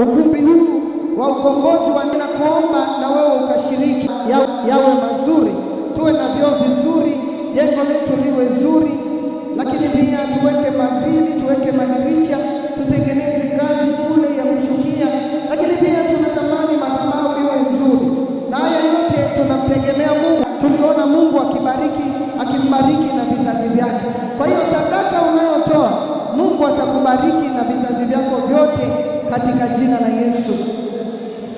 Ukumbi huu wa ukombozi wandila kuomba na wewe ukashiriki, yawe mazuri, tuwe na vyoo vizuri, jengo letu liwe zuri, lakini pia tuweke magrili, tuweke madirisha, tutengeneze ngazi kule ya kushukia, lakini pia tunatamani madhabahu iwe nzuri, na haya yote tunamtegemea Mungu. Tuliona Mungu akibariki akimbariki na Mungu atakubariki na vizazi vyako vyote katika jina la Yesu.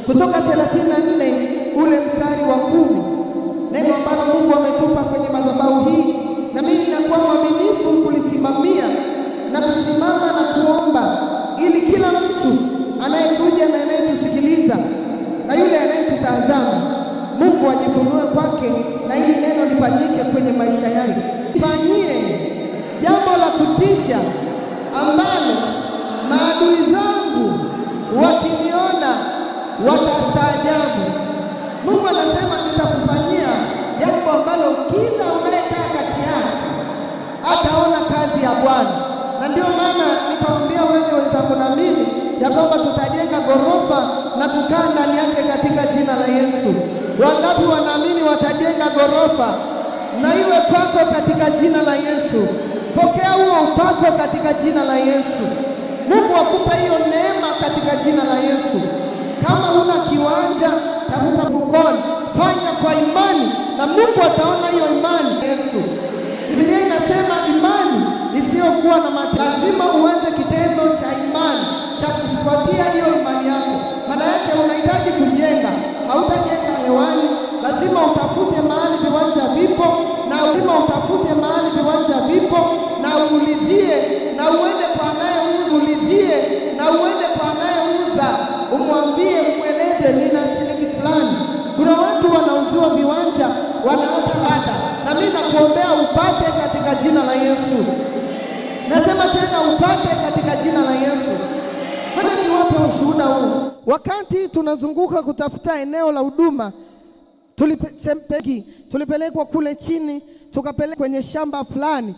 Kutoka 34 ule mstari wa kumi, neno ambalo Mungu ametupa kwenye madhabahu hii, na mimi ninakuwa mwaminifu kulisimamia na kusimama na kuomba, ili kila mtu anayekuja na anayetusikiliza na yule anayetutazama Mungu ajifunue kwake na ili neno lifanyike kwenye maisha yake. Fanyie jambo la kutisha ambalo maadui zangu wakiniona watastaajabu. Mungu anasema nitakufanyia jambo ambalo kila unayekaa kati yako ataona kazi ya Bwana, na ndiyo maana nikaambia wewe wenzako na mimi ya kwamba tutajenga ghorofa na kukaa ndani yake katika jina la Yesu. Wangapi wanaamini watajenga ghorofa? Na iwe kwako katika jina la Yesu. Pokea huo upakwe katika jina la Yesu. Mungu akupe hiyo neema katika jina la Yesu. Kama una kiwanja, tafuta mfukoni, fanya kwa imani na Mungu ataona hiyo imani. Yesu, Biblia inasema imani isiyokuwa na matendo lazima Nazareti na kuombea upate katika jina la Yesu. Nasema tena upate katika jina la Yesu. Hata niwape ushuhuda huu. Wakati tunazunguka kutafuta eneo la huduma, tulipelekwa kule chini, tukapelekwa kwenye shamba fulani.